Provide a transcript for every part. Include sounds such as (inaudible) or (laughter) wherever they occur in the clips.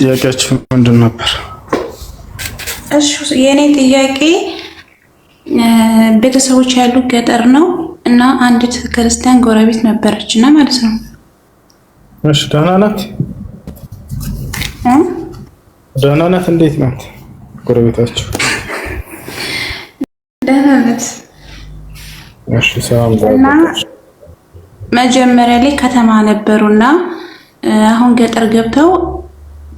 ጥያቄያችሁ ምንድን ነበር? እሺ የኔ ጥያቄ ቤተሰቦች ያሉ ገጠር ነው እና አንዲት ክርስቲያን ጎረቤት ነበረች እና ማለት ነው። እሺ ደህና ናት? ደህና ናት? እንዴት ናት ጎረቤታችሁ? ደህና ናት። እሺ ሰላም እና መጀመሪያ ላይ ከተማ ነበሩና አሁን ገጠር ገብተው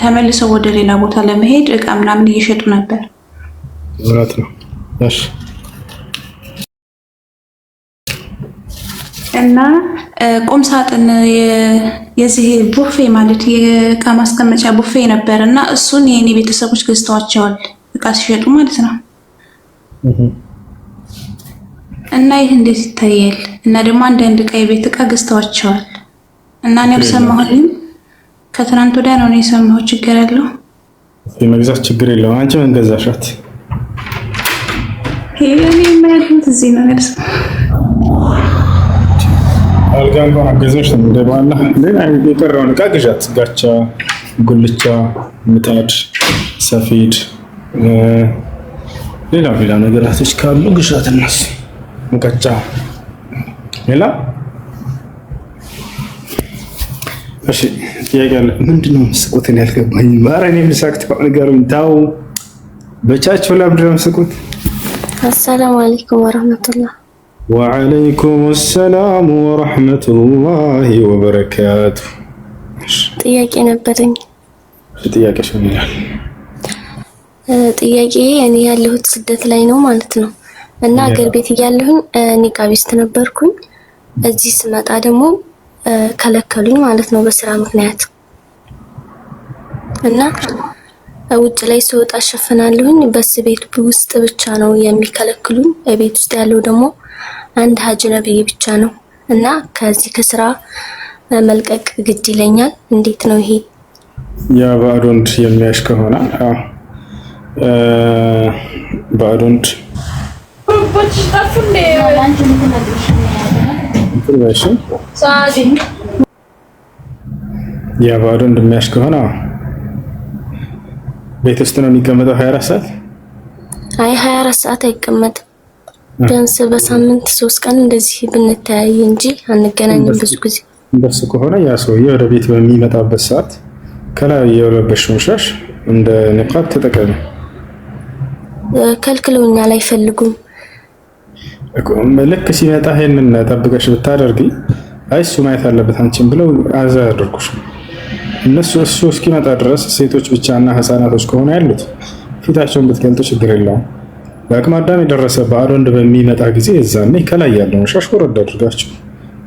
ተመልሰው ወደ ሌላ ቦታ ለመሄድ እቃ ምናምን እየሸጡ ነበር። እውነት ነው። እሺ እና ቁም ሳጥን የዚህ ቡፌ ማለት የእቃ ማስቀመጫ ቡፌ ነበር እና እሱን የኔ ቤተሰቦች ገዝተዋቸዋል እቃ ሲሸጡ ማለት ነው። እና ይህ እንዴት ይታያል? እና ደግሞ አንዳንድ እቃ የቤት እቃ ገዝተዋቸዋል እና እኔ አልሰማሁኝም ከትናንት ወዲያ ነው የሰማሁት። ችግር ያለው የመግዛት ችግር የለውም። አንቺ ምን ገዛሻት? እዚህ ነው ያለው። አልጋ እንኳን አገዛሽ ነው እንደባላ። ሌላ የቀረውን እቃ ግዣት። ጋቻ፣ ጉልቻ፣ ምጣድ፣ ሰፌድ፣ ሌላ ሌላ ነገራቶች ካሉ ግዣት። እናስ ሙቀጫ ሌላ እሺ ጥያቄ አለ። ምንድን ነው የምትስቁት? እኔ አልገባኝም። ኧረ እኔ ልሳቅት ንገሩኝ። ታው በቻችሁ ላይ ምንድን ነው የምትስቁት? አሰላሙ አለይኩም ወረህመቱላህ። ወአለይኩም ሰላም ወበረካቱ። ጥያቄ ነበረኝ። ጥያቄ ይላል ጥያቄ እኔ ያለሁት ስደት ላይ ነው ማለት ነው እና አገር ቤት እያለሁኝ ኒቃቢስት ነበርኩኝ። እዚህ ስመጣ ደግሞ ከለከሉኝ ማለት ነው በስራ ምክንያት እና ውጭ ላይ ስወጣ እሸፍናለሁኝ። በስ ቤት ውስጥ ብቻ ነው የሚከለክሉኝ። ቤት ውስጥ ያለው ደግሞ አንድ ሀጅ ነብይ ብቻ ነው እና ከዚህ ከስራ መልቀቅ ግድ ይለኛል። እንዴት ነው ይሄ? ያ ባዕዶንድ የሚያሽ ከሆነ ባዕዶንድ እንትን በሽ ሳዲ ያ ባዶ እንደሚያሽ ከሆነ ቤት ውስጥ ነው የሚቀመጠው 24 ሰዓት። አይ 24 ሰዓት አይቀመጥም። ቢያንስ በሳምንት ሶስት ቀን እንደዚህ ብንተያይ እንጂ አንገናኝም ብዙ ጊዜ። እንደሱ ከሆነ ያ ሰውዬ ወደ ቤት በሚመጣበት ሰዓት ከላይ የለበሽውን ሻሽ እንደ ንቃብ ተጠቀሚ። ከልክለውኛል፣ አይፈልጉም ልክ ሲመጣ ይህንን ጠብቀሽ ብታደርጊ አይ እሱ ማየት አለበት አንቺን ብለው አዛ ያደርጉሽ። እነሱ እሱ እስኪመጣ ድረስ ሴቶች ብቻና ህፃናቶች ከሆነ ያሉት ፊታቸውን ብትገልጡ ችግር የለውም። ለአቅመ አዳም የደረሰ ባዕድ ወንድ በሚመጣ ጊዜ የዛኔ ከላይ ያለውን ሻሽ ወረድ አድርጋቸው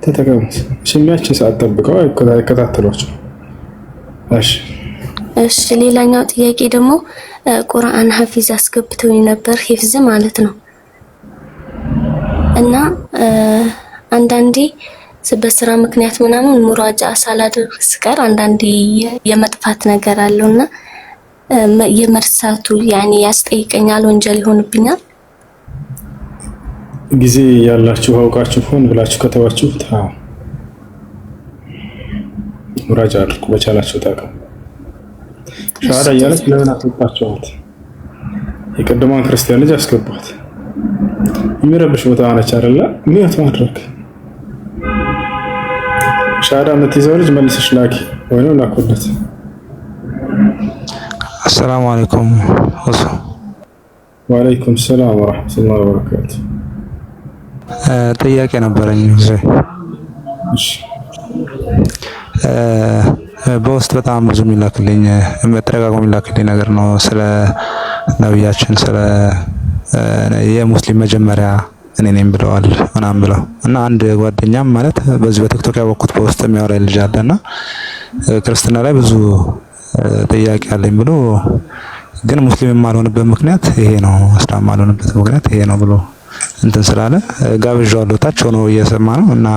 ተጠቀሙት። ሽሚያችን ሰዓት ጠብቀው አይከታተሏቸው። እሺ እሺ። ሌላኛው ጥያቄ ደግሞ ቁርአን ሀፊዝ አስገብተውኝ ነበር ሂፍዝ ማለት ነው እና አንዳንዴ በስራ ምክንያት ምናምን ሙራጃ ሳላደርግ ስቀር አንዳንዴ የመጥፋት ነገር አለውና የመርሳቱ ያኔ ያስጠይቀኛል፣ ወንጀል ይሆንብኛል። ጊዜ ያላችሁ አውቃችሁ ሆን ብላችሁ ከተዋችሁ ታው ሙራጃ አድርጉ። በቻላችሁ ታውቁ ሻዳ እያለች ለምን አትወጣችኋት? የቀደማን ክርስቲያን ልጅ አስገባት። የሚረብሽ ቦታ ነች አይደለ? ሚዩት ማድረግ ሻዳ የምትይዘው ልጅ መልሰሽ ላኪ ወይም ላኩለት። አሰላሙ አለይኩም ወአለይኩም ሰላም ወራህመቱላሂ ወበረካቱ። ጥያቄ ነበረኝ። በውስጥ በጣም ብዙ የሚላክልኝ መጠረቃቀም የሚላክልኝ ነገር ነው ስለ ነብያችን ስለ የሙስሊም መጀመሪያ እኔ ነኝ ብለዋል ምናምን ብለው እና አንድ ጓደኛም ማለት በዚህ በቲክቶክ ያወቅኩት በውስጥ የሚያወራ ልጅ አለና ክርስትና ላይ ብዙ ጥያቄ አለኝ ብሎ ግን ሙስሊም የማልሆንበት ምክንያት ይሄ ነው፣ እስላም የማልሆንበት ምክንያት ይሄ ነው ብሎ እንትን ስላለ ጋብዣዋለሁ። ታች ሆኖ እየሰማ ነው እና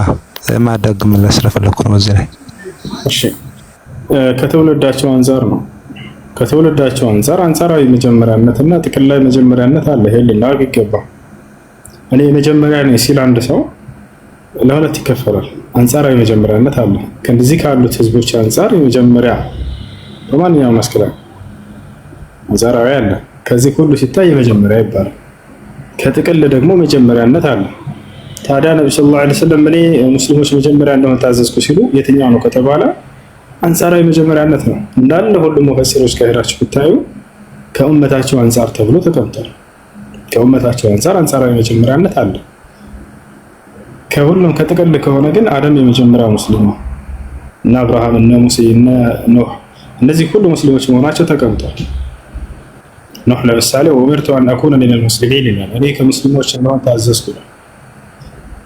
ማዳግምለት ስለፈለኩ ነው። በዚህ ላይ እሺ፣ ከትውልዳቸው አንጻር ነው ከትውልዳቸው አንጻር አንጻራዊ መጀመሪያነትና ጥቅል ላይ መጀመሪያነት አለ። ይሄ ልናውቅ ይገባ። እኔ የመጀመሪያ ነኝ ሲል አንድ ሰው ለሁለት ይከፈላል። አንጻራዊ መጀመሪያነት አለ። ከእንደዚህ ካሉት ህዝቦች አንጻር የመጀመሪያ በማንኛውም መስክ ላይ አንጻራዊ አለ። ከዚህ ሁሉ ሲታይ የመጀመሪያ ይባላል። ከጥቅል ደግሞ መጀመሪያነት አለ። ታዲያ ነቢ ስለ ላ ስለም እኔ ሙስሊሞች መጀመሪያ እንደሆነ ታዘዝኩ ሲሉ የትኛው ነው ከተባለ አንጻራዊ መጀመሪያነት ነው እንዳለ ሁሉም ሙፈሲሮች ከሄዳችሁ ብታዩ ከኡመታቸው አንጻር ተብሎ ተቀምጧል። ከኡመታቸው አንጻር አንጻራዊ መጀመሪያነት አለ። ከሁሉም ከጥቅል ከሆነ ግን አደም የመጀመሪያ ሙስሊም ነው። እና አብርሃም፣ እነ ሙሴ፣ እነ ኖህ እነዚህ ሁሉ ሙስሊሞች መሆናቸው ተቀምጧል። ኖህ ለምሳሌ ወምርቱ አን አኩነ ሚነል ሙስሊሚን ይላል። እኔ ከሙስሊሞች እንደሆን ታዘዝኩ ነው።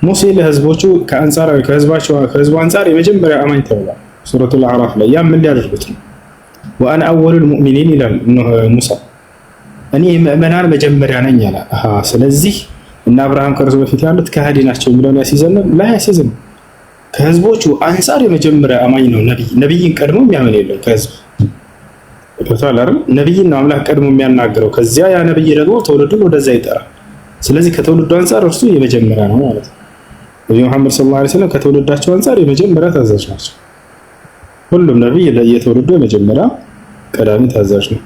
ሙሴ ለህዝቦቹ ከአንጻራዊ ከህዝባቸው ከህዝቡ አንጻር የመጀመሪያ አማኝ ተብሏል። ሱረቱ አዕራፍ ላይ ያም ሊያደርጉት ነው። ወአን አወሉል ሙእሚኒን ይላል ሙሳ እኔ ምእመናን መጀመሪያ ነኝ አለ። ስለዚህ እና አብርሃም ከእርሱ በፊት ያሉት ከሃዲ ናቸው የሚለውን ያስይዘን ላይ ያስይዝም። ከህዝቦቹ አንፃር የመጀመሪያ አማኝ ነው ነቢይ። ነቢይን ቀድሞ የሚያምን የለም ከህዝብ ይበታል አይደል? ነቢይን ነው አምላክ ቀድሞ የሚያናግረው። ከዚያ ያ ነቢይ ደግሞ ትውልዱን ወደዛ ይጠራል። ስለዚህ ከትውልዱ አንጻር እርሱ የመጀመሪያ ነው ማለት ነው። ነቢዩ መሐመድ ሰለላሁ ዐለይሂ ወሰለም ከትውልዳቸው አንጻር የመጀመሪያ ታዛዥ ናቸው። ሁሉም ነቢይ ለየትውልዱ የመጀመሪያ ቀዳሚ ታዛዥ ነው።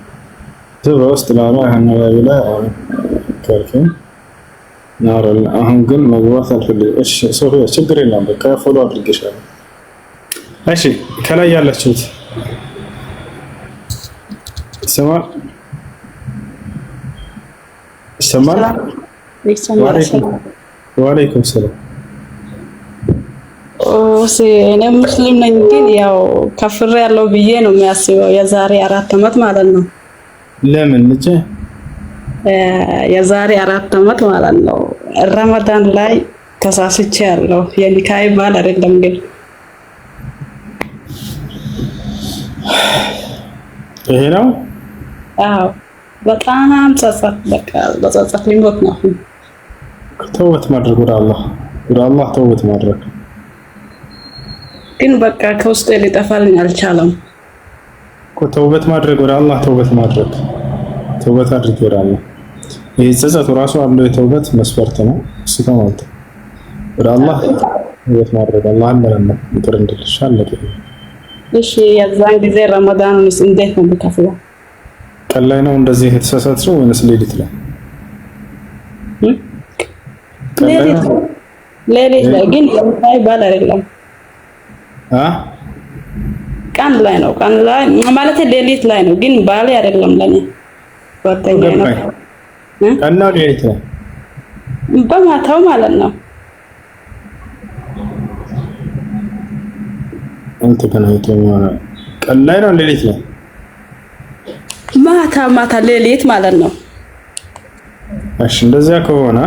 ዝብራ ውስጥ ላላ ሀናባቢ ላይ ካልከኝ ናረል አሁን ግን መግባት አልፈልግም። እሺ ሶፊያ ችግር የለም በቃ ፎሎ አድርጌሻለሁ። እሺ ከላይ ያላችሁት ስማ ይሰማል። ዋሌይኩም ሰላም ኦፍኮርስ እኔ ሙስሊም ነኝ፣ ግን ያው ከፍሬ ያለው ብዬ ነው የሚያስበው። የዛሬ አራት አመት ማለት ነው። ለምን ልጅ የዛሬ አራት አመት ማለት ነው ረመዳን ላይ ተሳስቼ ያለው የኒካይ ባል አይደለም፣ ግን ይሄ ነው። አዎ በጣም ጸጸት፣ በቃ በጸጸት ሊሞት ነው። ተውበት ማድረግ ወደ አላህ ወደ አላህ ተውበት ማድረግ ግን በቃ ከውስጥ ሊጠፋልኝ አልቻለም። ተውበት ማድረግ ወደ አላህ ተውበት ማድረግ ተውበት አድርግ ወደ አላህ። ይህ ጸጸቱ ራሱ አንዱ የተውበት መስፈርት ነው። ስከማልተ ወደ አላህ ተውበት ማድረግ አላህን መለመን ይቅር እንድልሻ አለቅ እሺ የዛን ጊዜ ረመዳን ረመዳኑንስ እንዴት ነው የሚከፍለው? ቀን ላይ ነው እንደዚህ የተሳሳትሽው ወይንስ ሌሊት ላይ? ሌሊት ላይ ግን ባል አይደለም ቀን ላይ ነው። ቀን ላይ ማለት ሌሊት ላይ ነው፣ ግን ባሌ አይደለም ለኔ ጓደኛዬ ነው። ቀን ነው ሌሊት ነው? በማታው ማለት ነው። ቀን ላይ ነው ሌሊት ነው? ማታ ማታ ሌሊት ማለት ነው። እሺ እንደዚያ ከሆነ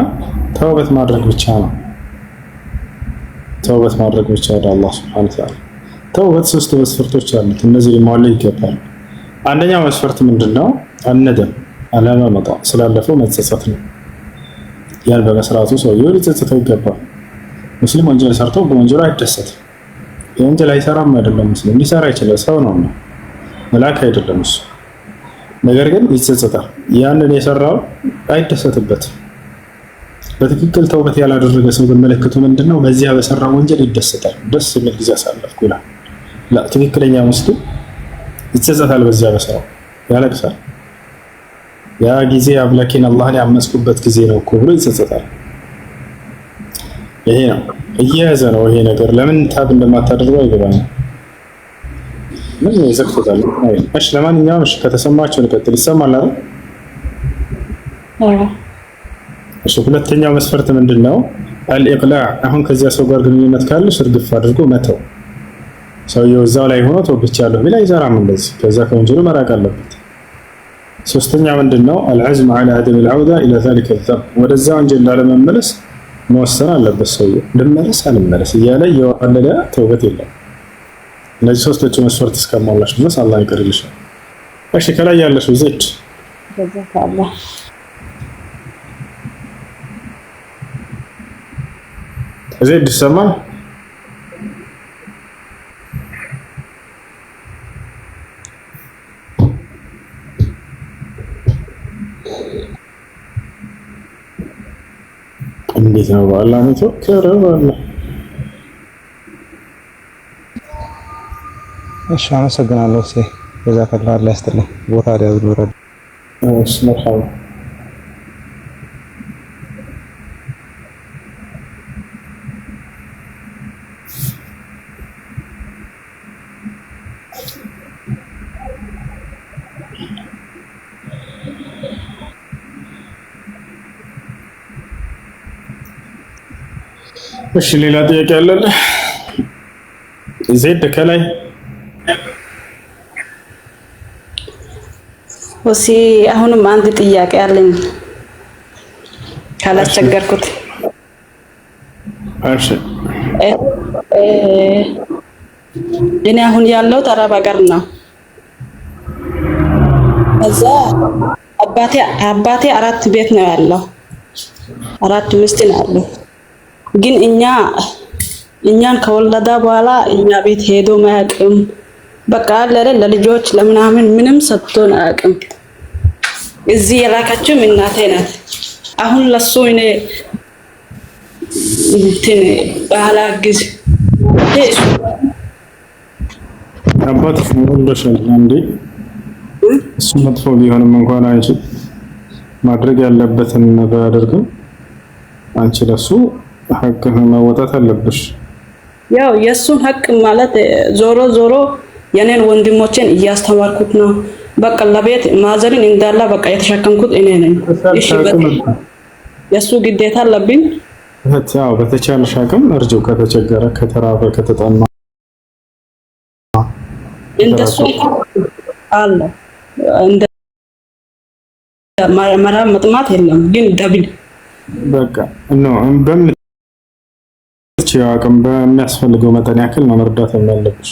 ተውበት ማድረግ ብቻ ነው። ተውበት ማድረግ ብቻ ወደ አላህ ሱብሓነሁ ወተዓላ። ተውበት ሶስት መስፈርቶች አሉት። እነዚህ ሊሟላ ይገባል። አንደኛው መስፈርት ምንድን ነው? አነደም አላማ ስላለፈው መጸጸት ነው። ያን በመስራቱ ሰውየው ሊጸጸተው ይገባል። ሙስሊም ወንጀል ሰርቶ በወንጀሉ አይደሰትም። የወንጀል አይሰራም አይደለም ሙስሊም ሊሰራ ይችላል። ሰው ነው፣ መልአክ አይደለም እሱ። ነገር ግን ይጸጸታል። ያንን የሰራው አይደሰትበትም። በትክክል ተውበት ያላደረገ ሰው በመለከቱ ምንድን ነው? በዚያ በሰራ ወንጀል ይደሰታል። ደስ የሚል ጊዜ አሳለፍኩ ይላል። ትክክለኛ ሙስሊም ይጸጸታል፣ በዚያ በሰራው ያለቅሳል። ያ ጊዜ አምላኬን አላህን ያመፅኩበት ጊዜ ነው እኮ ብሎ ይጸጸታል። ይሄ ነው እየያዘ ነው ይሄ ነገር። ለምን ታብ እንደማታደርገው አይገባም። ምን ይዘክቶታል። እሺ፣ ለማንኛውም ከተሰማቸው ንቀጥል። ይሰማል አይደል? እሱ ሁለተኛው መስፈርት ምንድን ነው? አልኢቅላዕ አሁን ከዚያ ሰው ጋር ግንኙነት ካለሽ እርግፍ አድርጎ መተው። ሰውየው እዛው ላይ ሆኖ ተወብቻለሁ ቢል አይሰራም። እንደዚህ ከዛ ከወንጀሉ መራቅ አለበት። ሶስተኛ ምንድን ነው? አልዐዝም ዐላ ዐደም አልዐውዳ ኢላ ዛሊከ ዘንብ ወደዛ ወንጀል ላለመመለስ መወሰን አለበት። ሰውየው ልመለስ አልመለስ እያለ እየዋለለ ተውበት የለም። እነዚህ ሶስቶቹ መስፈርት እስከሟላሽ ድረስ አላህ ይልሻል። እሺ ከላይ ያለሽው ዜድ እዚህ ይሰማል። እንዴት ነው ባላ ነው? እሺ አመሰግናለሁ። ሴ በዛ ፈላ ላይ ያስተለ ቦታ ያዝ እሺ ሌላ ጥያቄ አለን? ዜድ ከላይ ወሲ አሁንም አንድ ጥያቄ አለኝ ካላስቸገርኩት። እሺ እኔ አሁን ያለሁት አረብ ሀገር ነው። እዛ አባቴ አባቴ አራት ቤት ነው ያለው። አራት ሚስት ነው ያለው ግን እኛ እኛን ከወለዳ በኋላ እኛ ቤት ሄዶ ማያውቅም። በቃ ለለ ለልጆች ለምናምን ምንም ሰጥቶን አያውቅም። እዚህ የላከችም እናቴ ናት። አሁን ለሱ እኔ እንትን ባህላ ግዝ አባት ወልዶሻል። አንዴ እሱ መጥፎ ቢሆንም እንኳን አንቺ ማድረግ ያለበትን ነገር አድርገው አንቺ ለሱ ሀቅህን መወጣት አለብሽ። ያው የእሱን ሀቅ ማለት ዞሮ ዞሮ የኔን ወንድሞችን እያስተማርኩት ነው። በቃ ለቤት ማዘርን እንዳለ በቃ የተሸከምኩት እኔ ነኝ። የእሱ ግዴታ አለብኝ። ያው በተቻለሽ አቅም እርጅው፣ ከተቸገረ፣ ከተራበ፣ ከተጠማ እንደሱ አለ እንደ መራብ መጥማት የለም ግን ደብል በቃ ነው በምን በምትችው አቅም በሚያስፈልገው መጠን ያክል ነው መርዳት የሚያለብሽ።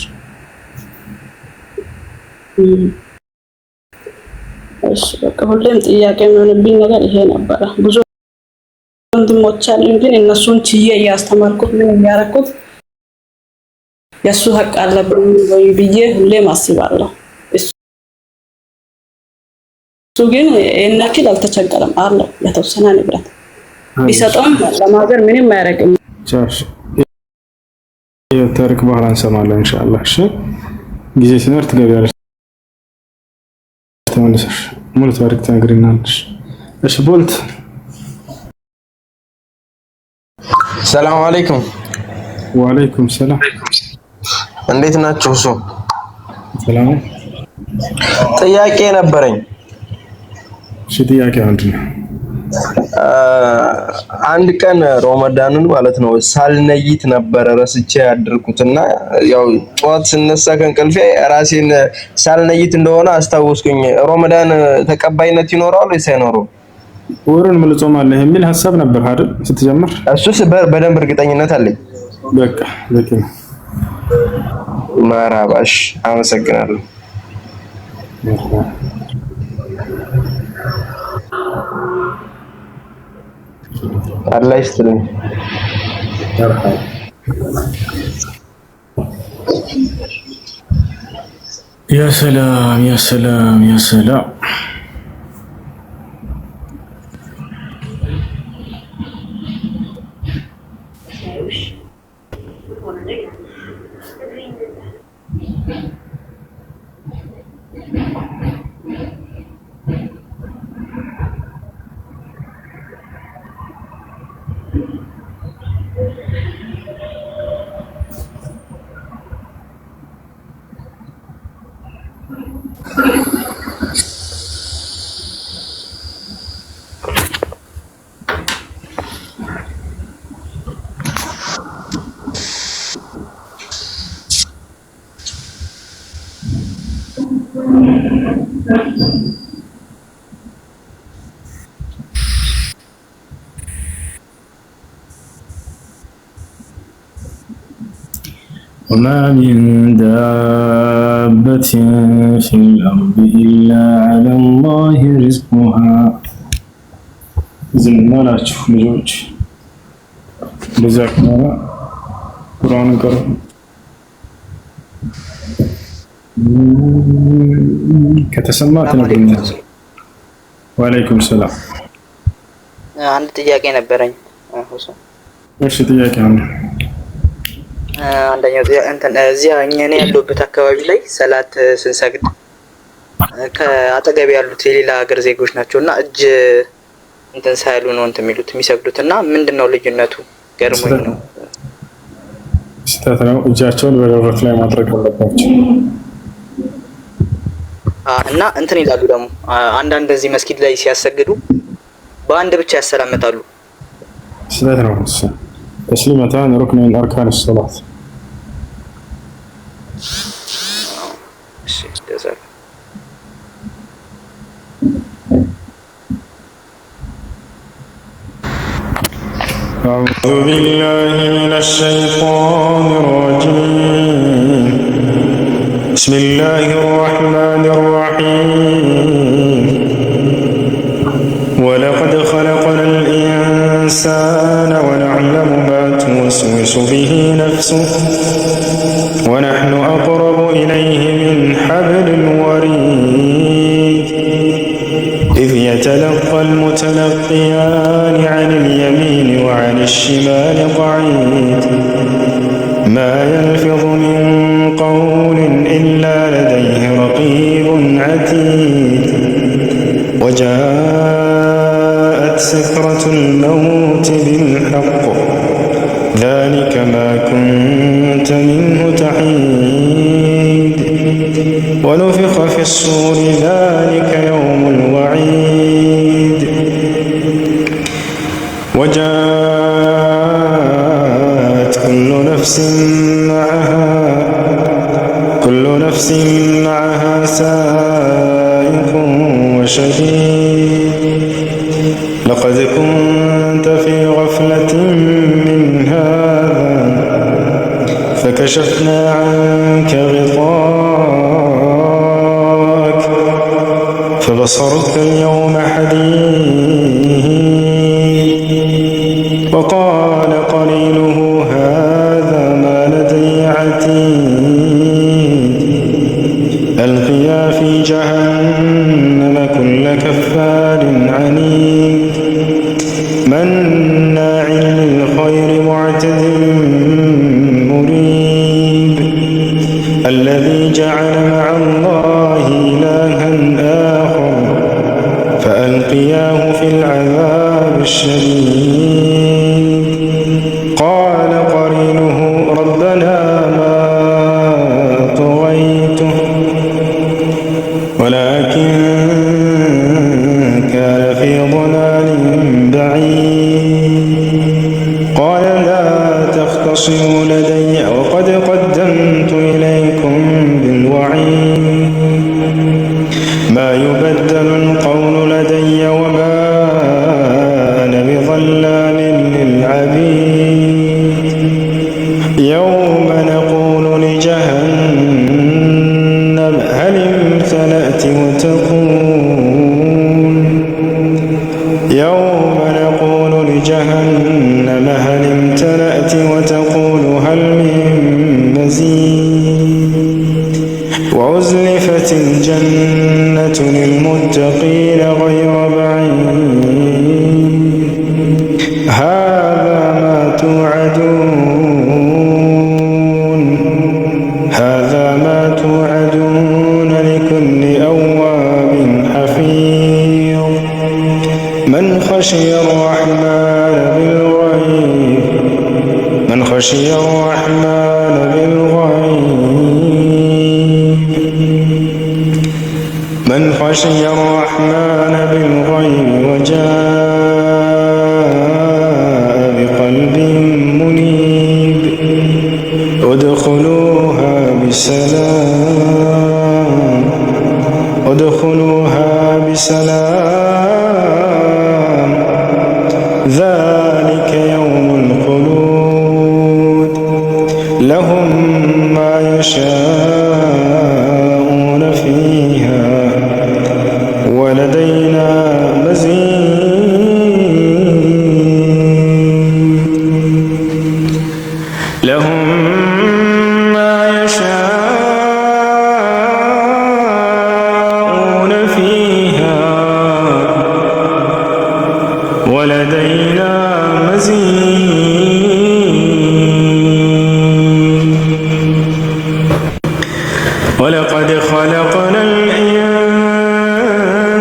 እሺ በቃ ሁሌም ጥያቄ የሚሆንብኝ ነገር ይሄ ነበረ። ብዙ ወንድሞች አሉኝ፣ ግን እነሱን ችዬ እያስተማርኩት ምን የሚያረኩት የእሱ ሀቅ አለብኝ ወይ ብዬ ሁሌም አስባለሁ። እሱ ግን ይህን ያክል አልተቸገረም አለው የተወሰነ ንብረት ቢሰጠውም ለማገር ምንም አያደርግም። የታሪክ ባህል እንሰማለን ኢንሻአላህ። እሺ ጊዜ ሲኖር ትገቢያለሽ ተመለሰሽ ሙሉ ታሪክ ትነግሪናለሽ። እሺ ቦልት ሰላም አለይኩም። ወአለይኩም ሰላም። እንዴት ናችሁ? እሱ ሰላም። ጥያቄ ነበረኝ። እሺ ጥያቄ ምንድን ነው? አንድ ቀን ሮመዳኑን ማለት ነው ሳልነይት ነበረ ረስቼ ያደርኩትና ያው ጠዋት ስነሳ ከእንቅልፌ ራሴን ሳልነይት እንደሆነ አስታወስኩኝ። ሮመዳን ተቀባይነት ይኖረዋል ወይስ አይኖረውም? ወሩን ሙሉ ጾማለሁ የሚል ሀሳብ ነበር አይደል ስትጀምር? እሱስ በደንብ እርግጠኝነት አለኝ። በቃ በቂ ነው። መራባሽ አመሰግናለሁ። الله يسلمك مرحبا يا سلام يا سلام يا سلام وما من دابة في الأرض إلا على الله رزقها ዝም ላችሁ ልጆች እንደዚያ ከሆነ ቁርአንን ቀሩ ከተሰማ ትነግረኛለህ። ወአለይኩም ሰላም። አንድ ጥያቄ ነበረኝ። እሺ ጥያቄ አሁን አንደኛው እዚያ እኔ ያለሁበት አካባቢ ላይ ሰላት ስንሰግድ ከአጠገብ ያሉት የሌላ ሀገር ዜጎች ናቸው እና እጅ እንትን ሳይሉ ነው እንትን የሚሉት የሚሰግዱት እና ምንድን ነው ልዩነቱ? ገርሞኝ ነው። ስህተት ነው። እጃቸውን በደረት ላይ ማድረግ አለባቸው። እና እንትን ይላሉ ደግሞ አንዳንድ እዚህ መስጊድ ላይ ሲያሰግዱ በአንድ ብቻ ያሰላምታሉ። ስለት ነው። ተስሊመታን ሩክን ሚን አርካን ሰላት። أعوذ بالله من الشيطان الرجيم بسم الله الرحمن الرحيم ولقد خلقنا الإنسان ونعلم ما توسوس به نفسه ونحن أقرب إليه من حبل الوريد إذ يتلقى المتلقيان عن اليمين وعن الشمال قعيد ما يلقى معها كل نفس معها سائق وشهيد لقد كنت في غفلة من هذا فكشفنا عنك غطاءك فبصرك اليوم عن آخر فألقياه في العذاب الشديد ادخلوها بسلام ادخلوها بسلام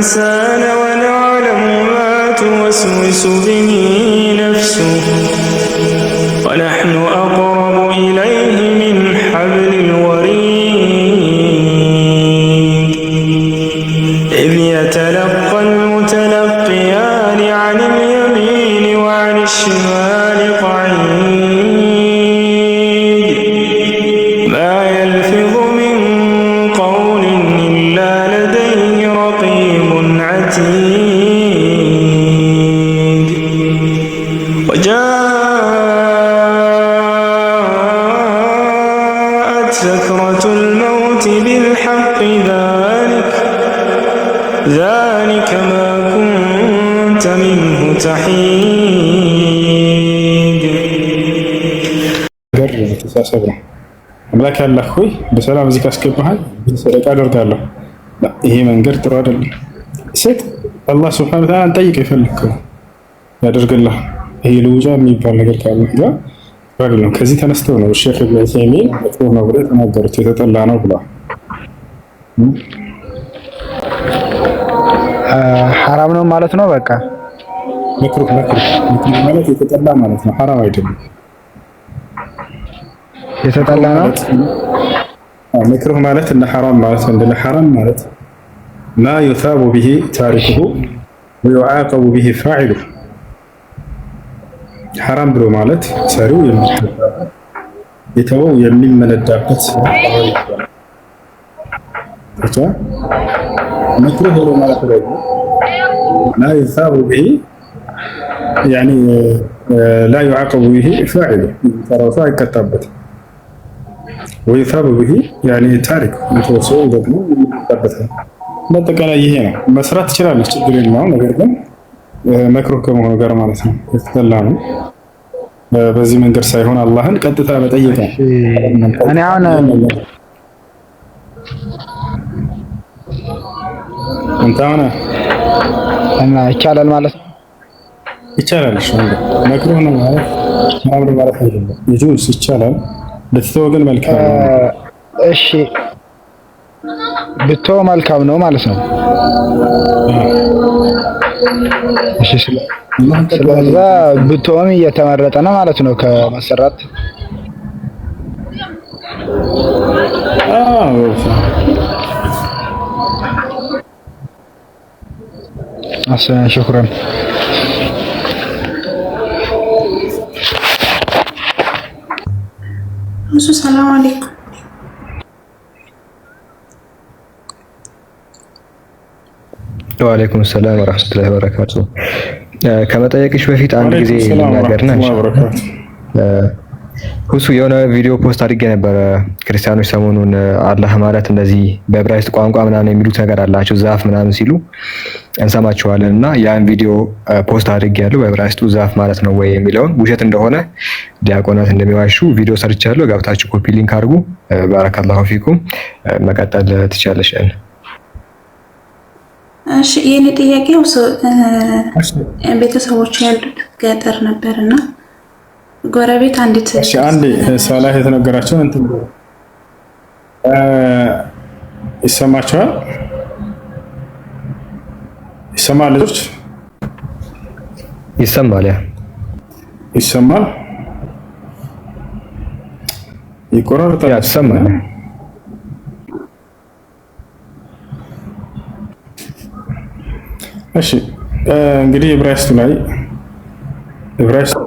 الإنسان ونعلم ما توسوس به ተሳሰብ ነው። አምላክ ያላህ ሆይ በሰላም እዚህ ካስገባሃል ሰደቃ አደርጋለሁ። ይሄ መንገድ ጥሩ አይደለም። ሴት አላህ ስብሐነ ወተዓላ እንጠይቅ ይፈልግከው ያደርግልህ። ይሄ ልውጫ የሚባል ነገር ካለ ጋር አይደለም። ከዚህ ተነስተው ነው ሼክ ኢብኑ ዑሰይሚን ጥሩ ነው ብለው የተናገሩት። የተጠላ ነው ብለዋል። ሐራም ነው ማለት ነው በቃ መክሩህ መክሩህ መክሩህ ማለት የተጠላ ማለት ነው። ሐራም አይደለም። የተጠላ ነው። መክሩህ ማለት እንደ ሐራም ማለት እንደ ሐራም ማለት ማ ዩሳቡ ቢሂ ታሪኩሁ ወዩዓቀቡ ቢሂ ፋዒሉሁ ሐራም ብሎ ማለት ሰሪው የተወው የሚመነዳበት መክሩህ ብሎ ማለት ደግሞ ላ ዩሳቡ ቢሂ ላ ዩዓቀቡ ብሂ ፋዒሉ የሚሰራው ሰው አይቀጣበትም። ወይሳቡ ብሂ ታሪክ የተወሰው ደግሞ ይቀጣበታል። በአጠቃላይ ይሄ ነው። መስራት ትችላለች፣ ችግር የለውም። ነገር ግን መክሩህ ከመሆኑ ጋር ማለት ነው የተጠላ ነው። በዚህ መንገድ ሳይሆን አላህን ቀጥታ መጠየቅ ነው። እኔ አሁን እንትን እና ይቻላል ማለት ነው ይቻላል። እሺ መክሮ ነው ማለት ማምር ማለት አይደለም። ይጁስ ይቻላል። ብትተው ግን መልካም ነው። እሺ ብትተው መልካም ነው ማለት ነው። እሺ ስለዛ ብትተውም እየተመረጠ ነው ማለት ነው ከመሰራት አዎ አሰና እሱ ሰላም አለይኩም ወአለይኩም ሰላም ወራህመቱላሂ ወበረካቱ። ከመጠየቅሽ በፊት አንድ ጊዜ ልናገርና እሱ የሆነ ቪዲዮ ፖስት አድርጌ ነበረ። ክርስቲያኖች ሰሞኑን አላህ ማለት እንደዚህ በዕብራይስጥ ቋንቋ ምናምን የሚሉት ነገር አላቸው ዛፍ ምናምን ሲሉ እንሰማቸዋለን። እና ያን ቪዲዮ ፖስት አድርጌ ያለው በዕብራይስጡ ዛፍ ማለት ነው ወይ የሚለውን ውሸት እንደሆነ ዲያቆናት እንደሚዋሹ ቪዲዮ ሰርቻለሁ። ገብታችሁ ኮፒ ሊንክ አድርጉ። ባረከላሁ ፊኩም። መቀጠል ትችላለሽ። እሺ የኔ ጥያቄው ቤተሰቦች ያሉት ገጠር ነበርና ጎረቤት አንዲት እሺ፣ አንድ ሰላህ የተነገራቸውን እንትን ይሰማቸዋል። ይሰማል፣ ልጆች ይሰማል፣ ያ ይሰማል፣ ይቆራረጣል፣ ይሰማል። እሺ እንግዲህ እብራይስቱ ላይ እብራይስቱ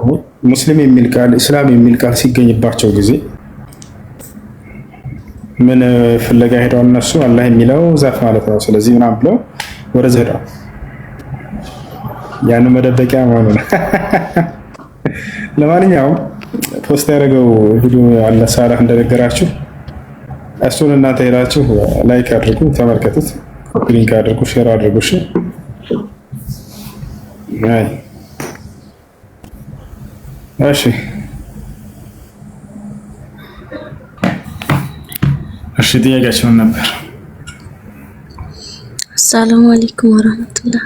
ሙስሊም የሚል ቃል እስላም የሚል ቃል ሲገኝባቸው ጊዜ ምን ፍለጋ ሄደው እነሱ አላህ የሚለው ዛፍ ማለት ነው፣ ስለዚህ ምናምን ብለው ወደዚህ ሄደው ያንን መደበቂያ መሆኑ ነው። (laughs) ለማንኛውም ፖስት ያደረገው ቪዲዮ አለ ሳላህ እንደነገራችሁ እሱን እናንተ ሄዳችሁ ላይክ አድርጉ፣ ተመልከቱት፣ ሊንክ አድርጉ፣ ሼር አድርጉ። እሺ እሺ እሺ፣ ጥያቄያቸውን ነበር። አሰላሙ አለይኩም ወራህመቱላህ።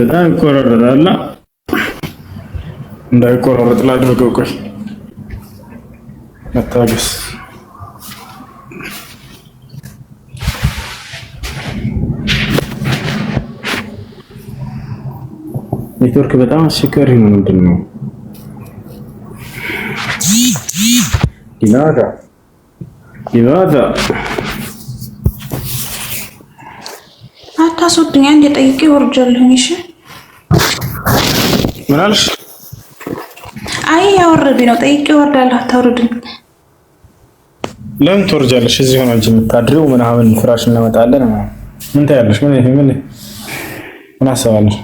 በጣም ይቆራረጣል። እንዳይቆራረጥ ላድርገው። ቆይ መታገስ ኔትወርክ በጣም አስቸጋሪ ነው። ምንድን ነው ሊማዛ ሊማዛ አታስወድኝ። አንድ ጠይቄ ወርጃለሁኝ። እሺ ምን አልሽ? አይ ያወረዱኝ ነው ጠይቄ ወርዳለሁ። አታውርዱኝ። ለምን ትወርጃለሽ? እዚህ ሆነ እንጂ የምታድሪው ምናምን ፍራሽ እንመጣለን። ምን ታያለሽ? ምን ምን ምን አሰባለሽ?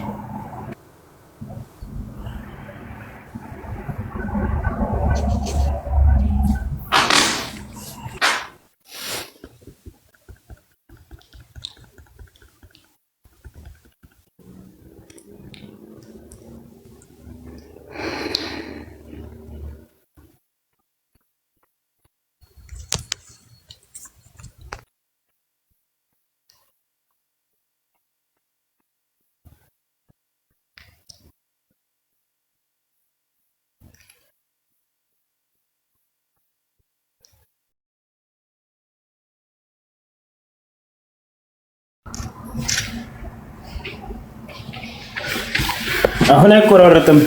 አሁን አይቆራረጥም።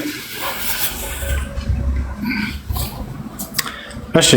እሺ